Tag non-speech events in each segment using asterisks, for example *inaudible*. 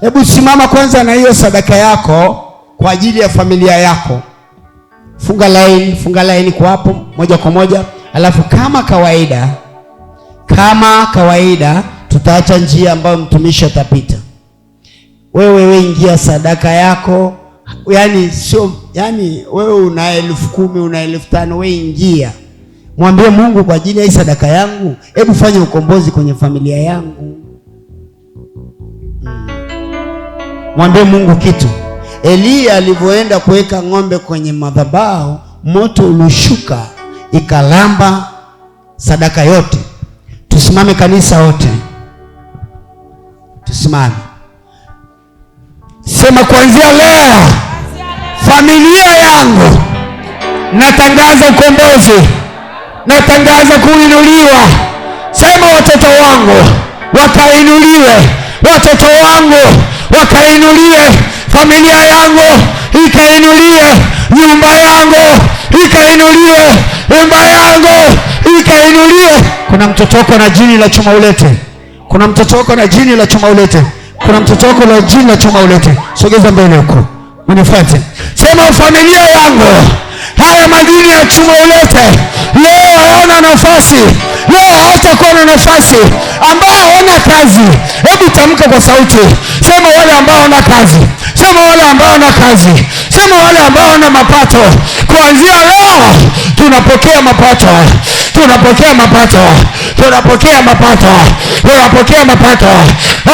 Hebu *laughs* simama kwanza na hiyo sadaka yako kwa ajili ya familia yako. Funga laini, funga laini kwa hapo moja kwa moja, alafu kama kawaida, kama kawaida tutaacha njia ambayo mtumishi atapita. Wewe we ingia sadaka yako, yaani sio, yani, wewe una elfu kumi una elfu tano we ingia, mwambie Mungu, kwa ajili ya hii sadaka yangu, hebu fanya ukombozi kwenye familia yangu. Mwambie Mungu kitu. Eliya alivyoenda kuweka ng'ombe kwenye madhabahu, moto ulishuka ikalamba sadaka yote. Tusimame kanisa wote, tusimame. Sema, kuanzia leo familia yangu natangaza ukombozi, natangaza kuinuliwa. Sema, watoto wangu wakainuliwe, watoto wangu ikainulie familia yangu, ikainulie nyumba yangu, ikainulie nyumba yangu, ikainulie. Kuna mtotoko na jini la chuma ulete, kuna mtotoko na jini la chuma ulete, kuna mtotoko na jini la chuma ulete. Sogeza mbele huko, unifuate, sema familia yangu haya majini ya chuma ulete leo haona nafasi, leo hatakuwa na nafasi. Ambaye haona kazi, hebu tamka kwa sauti Sema wale ambao wana kazi, sema wale ambao wana kazi, sema wale ambao wana mapato. Kuanzia leo tunapokea mapato, tunapokea mapato, tunapokea mapato, tunapokea mapato.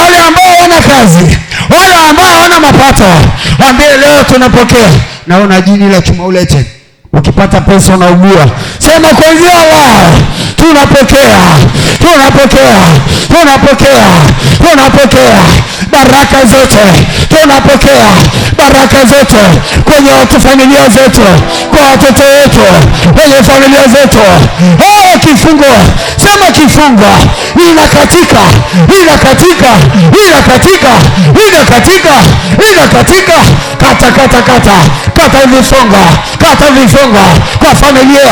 Wale ambao wana kazi, wale ambao wana mapato, ambie leo tunapokea. Naona jini la ulete Ukipata pesa unaugua, sema kuanzia leo tunapokea, tunapokea, tunapokea, tunapokea baraka zote, tunapokea baraka zote kwenye watu familia zetu, kwa watoto wetu, kwenye familia zetu. Hey, kifungo, sema kifungo, katika ina katika ina katika kata, kata, kata kata hivi kata hivi kwa familia.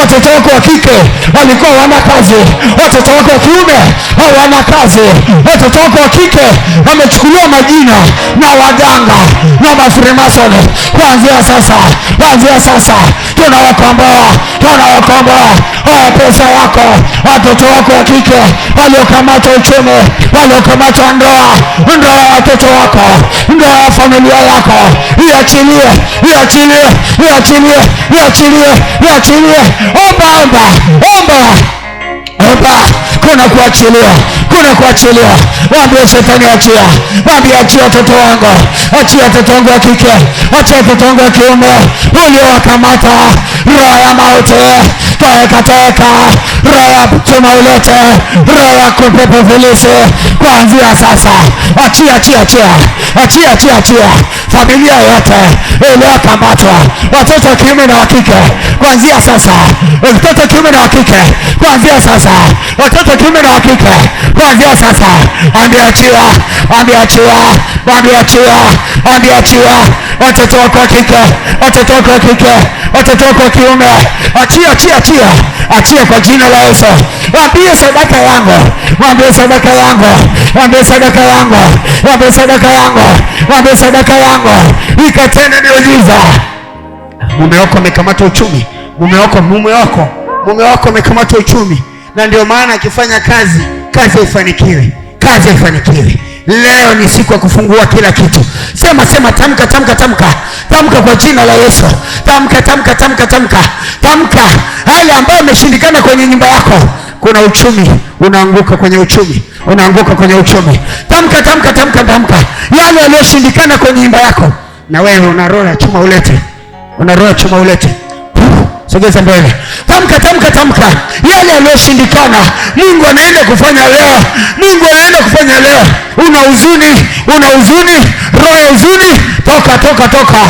Watoto wako wa kike walikuwa wana kazi, watoto wako wa kiume hawana kazi, watoto wako wa kike wamechukuliwa majina na waganga na mafrimasoni. Kuanzia sasa, kuanzia sasa tunawakomboa, tunawakomboa haya pesa yako, watoto wako wa kike waliokamata uchumi, waliokamata ndoa, ndoa ya watoto wako, ndoa ya familia yako, iachilie, iachilie, iachilie, iachilie, iachilie. Omba, omba, omba, omba, kuna kuachilia hakuna kuachiliwa. Mwambie shetani, achia. Mwambie achia watoto wangu, achia watoto wangu wa kike, achia watoto wangu wa kiume uliowakamata. Roho ya mauti toekateka, roho ya chuma ulete, roho ya kupepo vilisi kuanzia sasa, achia, achia, achia, achia, achia, achia familia yote iliyokamatwa, watoto kiume na wakike kuanzia sasa, watoto kiume na wakike kuanzia sasa, watoto kiume na wakike kuanzia sasa, ameachiwa, ameachiwa Wameachia, wameachia watoto wako wa kike, watoto wako wa kike, watoto wako wa kiume. Achia, achia, achia, achia kwa jina la Yesu. Waambie sadaka yangu, waambie sadaka yangu, waambie sadaka yangu, waambie sadaka yangu, waambie sadaka yangu ikatende miujiza. Mume wako amekamata uchumi, mume wako, mume wako, mume wako amekamata uchumi, na ndio maana akifanya kazi, kazi haifanikiwi, kazi haifanikiwi Leo ni siku ya kufungua kila kitu. Sema sema, tamka tamka tamka tamka, kwa jina la Yesu, tamka tamka tamka tamka tamka. Hali ambayo ameshindikana kwenye nyumba yako, kuna uchumi unaanguka kwenye uchumi unaanguka kwenye uchumi. Tamka tamka tamka tamka, yale yaliyoshindikana kwenye nyumba yako, na wewe una roho ya chuma ulete, una roho ya chuma ulete Sogeza mbele, tamka, tamka, tamka yale yaliyoshindikana. Mungu anaenda kufanya leo, Mungu anaenda kufanya leo. Una huzuni, una huzuni, roho ya huzuni, toka, toka, toka.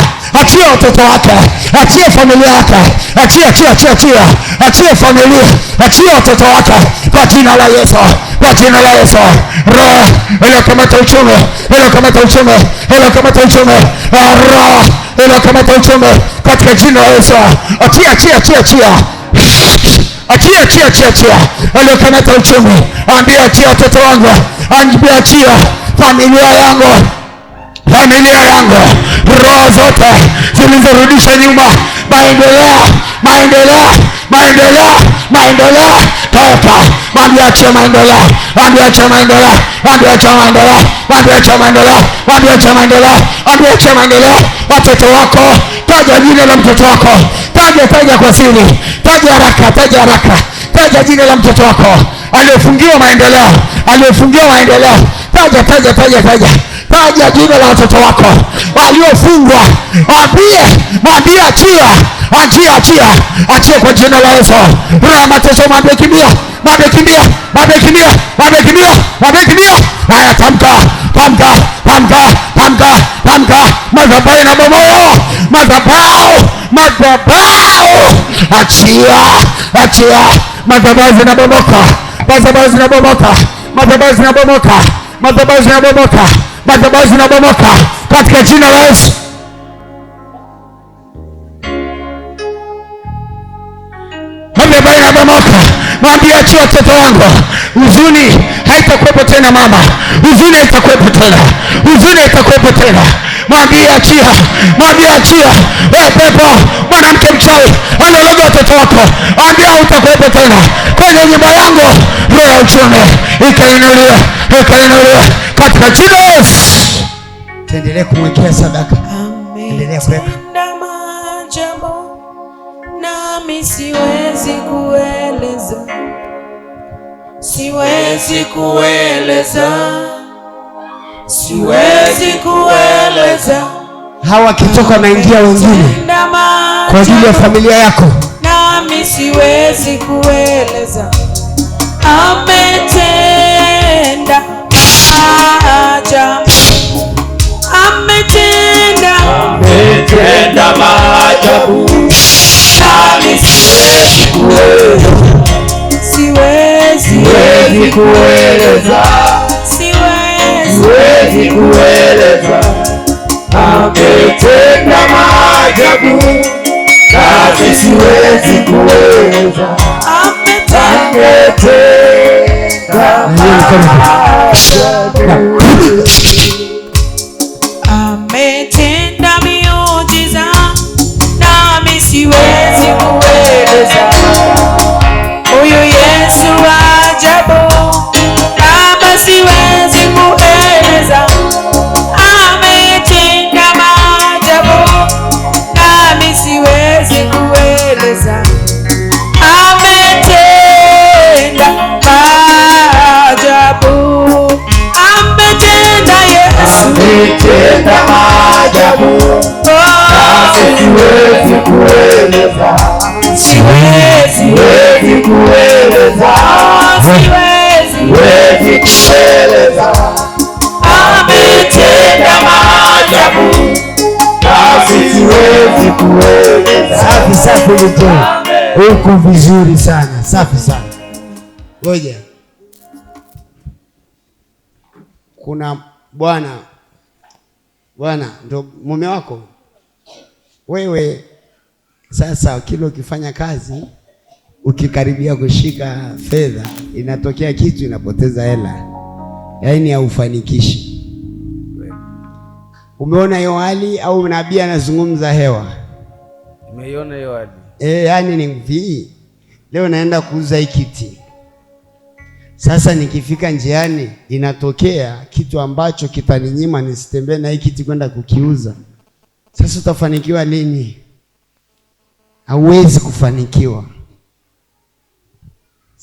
Achia watoto wako, achia familia yako, achia, achia, achia, achia, achia familia, achia watoto wako kwa jina la Yesu kwa jina la Yesu. Roho iliyokamata uchumi, iliyokamata uchumi, iliyokamata uchumi, ah, roho iliyokamata uchumi katika jina la Yesu. Achia, achia, achia, achia achia achia achia achia, aliyokamata uchumi, ambia achia watoto wangu, ambia achia familia yangu, familia yangu, roho zote zilizorudisha nyuma maendeleo, maendeleo, maendeleo, maendeleo, toka Waambie maendeleo, waambie maendeleo, waambie maendeleo, waambie maendeleo, waambie maendeleo, waambie maendeleo. Watoto wako, taja jina la mtoto wako, taja, taja kwa siri, taja haraka, taja haraka, taja jina la mtoto wako aliyefungiwa maendeleo, aliyefungiwa maendeleo. Taja, taja, taja, taja, taja jina la watoto wako waliofungwa, mwambie mwambie, achia achia achia achia, kwa jina la Yesu. Roho ya mateso, mwambie kimbia, mwambie kimbia, mwambie kimbia, mwambie kimbia, mwambie kimbia. Haya, tamka tamka tamka tamka tamka, madhabahu inabomoa, madhabahu madhabahu, achia achia, madhabahu zinabomoka, madhabahu zinabomoka, madhabahu zinabomoka, madhabahu zinabomoka madhabahu zinabomoka katika jina la Yesu. Madhabahu inabomoka, mwambie achia watoto wangu. Huzuni haitakuwepo tena mama, huzuni haitakuwepo tena, huzuni haitakuwepo tena. Mwambie achia, mwambie achia. Wewe pepo, mwanamke mchawi analoga watoto wako, mwambie hautakuwepo tena kwenye nyumba yangu. Roho ya uchungu ikainuliwe, ikainuliwe katika jina la Yesu. Tuendelee kumwekea sadaka, endelea kuweka nami siwezi kueleza, siwezi kueleza, siwezi kueleza. Hawa akitoka naingia wengine kwa ajili ya familia yako, nami siwezi kueleza ametenda maajabu ametenda ametenda maajabu nami siwezi kueleza siwezi siwezi kueleza siwezi kueleza ametenda maajabu nami siwezi kueleza ametenda Cảm ơn wezi kueleza, ametenda maajabu, siwezi kueleza. Safi safi, nito huku vizuri sana, safi sana. Ngoja, kuna bwana bwana, ndo mume wako wewe. Sasa kila ukifanya kazi ukikaribia kushika fedha, inatokea kitu, inapoteza hela, yaani haufanikishi. Umeona hiyo hali au nabii anazungumza hewa? Umeiona hiyo hali e? Yani ni mvii, leo naenda kuuza hii kiti sasa nikifika njiani inatokea kitu ambacho kitaninyima nisitembee na hii kiti kwenda kukiuza. Sasa utafanikiwa lini? Hauwezi kufanikiwa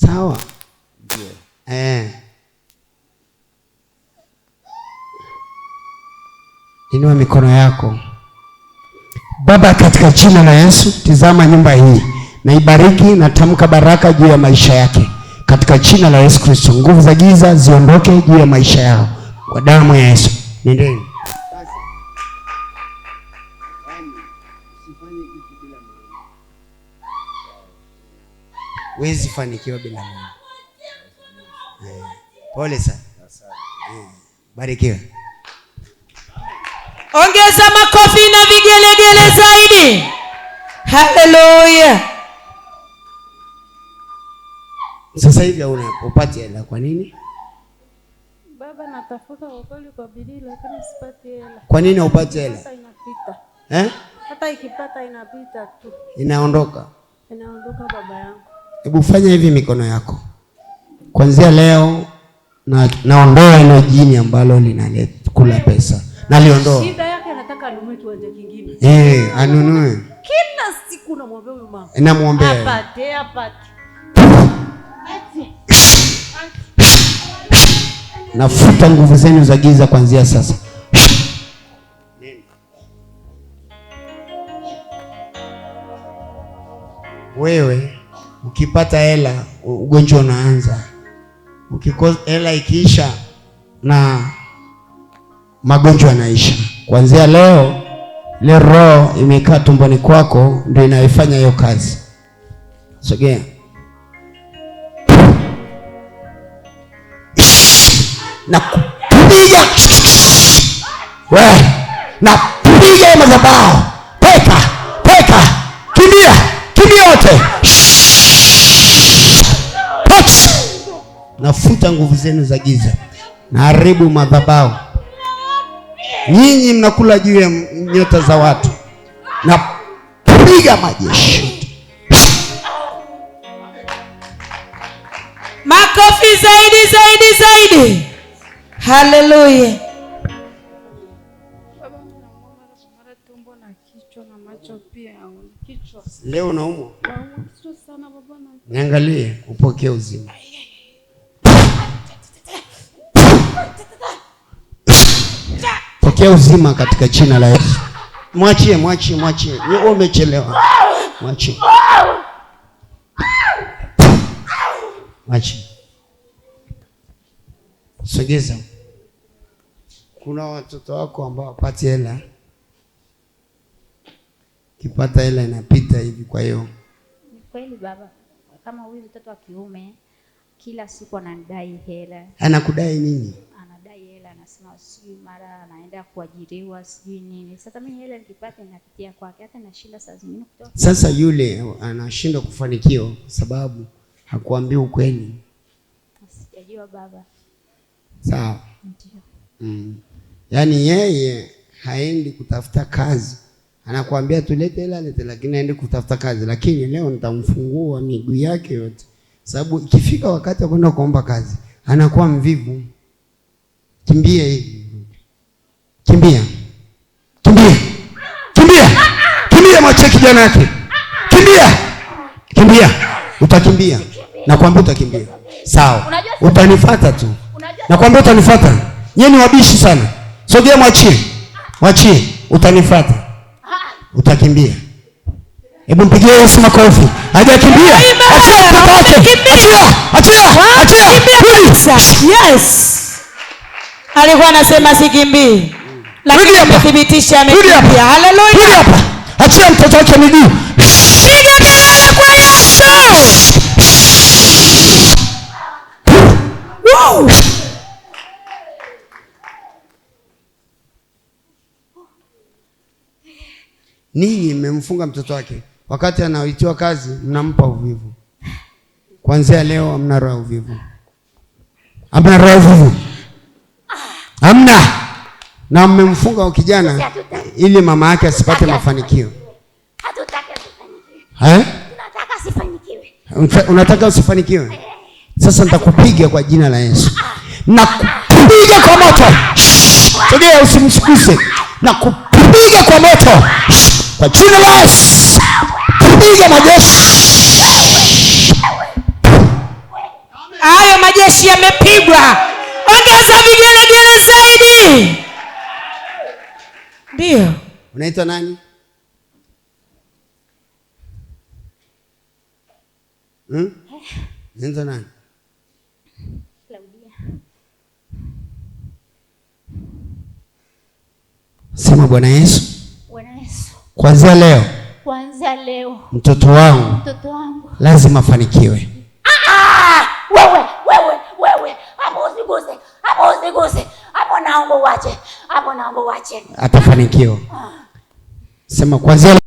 sawa yeah. Eh. Inua mikono yako. Baba, katika jina la Yesu, tizama nyumba hii na ibariki, na tamka baraka juu ya maisha yake katika jina la Yesu Kristo. Nguvu za giza ziondoke juu ya maisha yao kwa damu ya Yesu. Nendeni. Huwezi fanikiwa bila Mungu. Eh, pole sana. Eh, barikiwa. Ongeza makofi na vigelegele zaidi. Haleluya. Sasa hivi hauna upati hela kwa nini? Baba, natafuta ukweli kwa bidii lakini sipati hela. Kwa nini haupati hela? Eh? Hata ikipata inapita tu. Inaondoka. Inaondoka baba yangu. Hebu fanya hivi mikono yako kuanzia leo, na naondoa hilo jini ambalo linakula pesa, naliondoa. Shida yake anataka anunue tuwanja kingine, eh, anunue. Kila siku namwambia huyo mama, eh, namwombea apate, apate, nafuta nguvu zenu za giza kuanzia sasa. Wewe Ukipata hela ugonjwa unaanza, ukikosa hela ikiisha, na magonjwa yanaisha. Kuanzia leo, ile roho imekaa tumboni kwako ndio inaifanya hiyo kazi. Sogea. kupiga. wewe, kupiga madhabahu Nafuta nguvu zenu za giza, naharibu madhabahu. Nyinyi mnakula juu ya nyota za watu, napiga majeshi. Makofi zaidi zaidi zaidi! Haleluya! Leo naumwa, niangalie upokee uzima. Pokea uzima katika jina la Yesu. Mwachie, mwachie, mwachie. Wewe umechelewa. Mwachie. Mwachie. Sogeza. Kuna watoto wako ambao wapati hela, kipata hela inapita hivi. Kwa hiyo ni kweli baba, kama huyu mtoto wa kiume kila siku anadai hela, anakudai nini? sijui mara anaenda kuajiriwa sijui nini. Sasa mimi hela nikipata inapitia kwake, hata nashinda saa zingine kutoka. Sasa yule anashindwa kufanikiwa kwa sababu hakuambii ukweli. Sijajua baba. Sawa. Mm. Yaani yeye haendi kutafuta kazi, anakuambia tulete hela lete, lakini aende kutafuta kazi. Lakini leo nitamfungua miguu yake yote, sababu ikifika wakati wa kwenda kuomba kazi anakuwa mvivu, kimbia hivi Kimbia, kimbia, kimbia, kimbia, mwachie kijana yake, kimbia, kimbia. Utakimbia, nakwambia utakimbia. Sawa, utanifata tu, nakwambia utanifata. Nyie ni wabishi sana. Sogea, mwachie, mwachie, utanifata, utakimbia. Hebu mpigie Yesu makofi. Hajakimbia. Achia mtoto wake. Achia. Achia. Achia. Yes. Alikuwa anasema sikimbii lakini amekuja. Haleluya! Achia mtoto wake miguu, piga kelele kwa Yesu. Wow! Ninyi mmemfunga mtoto wake, wakati anaoitiwa kazi mnampa uvivu. Kuanzia leo amna roho uvivu, amna roho uvivu na mmemfunga kijana ili mama yake asipate mafanikio. Eh? Unataka usifanikiwe? Eh. Sasa nitakupiga kwa jina la Yesu, ah. nakupiga kwa moto. Sogea, usimshikise, nakupiga kwa moto kwa jina la Yesu, piga majeshi hayo. Majeshi yamepigwa, ongeza vigelegele zaidi. Ndio. Unaitwa nani? Hmm? Unaitwa nani? Claudia. Sema Bwana Yesu. Bwana Yesu. Kuanzia leo. Kuanzia leo. Mtoto wangu. Mtoto wangu. Lazima afanikiwe. Ah ah! Wewe, wewe, wewe. Hapo usiguse. Hapo usiguse. Hapo naomba uache atafanikiwa. Ah. Sema kwanzia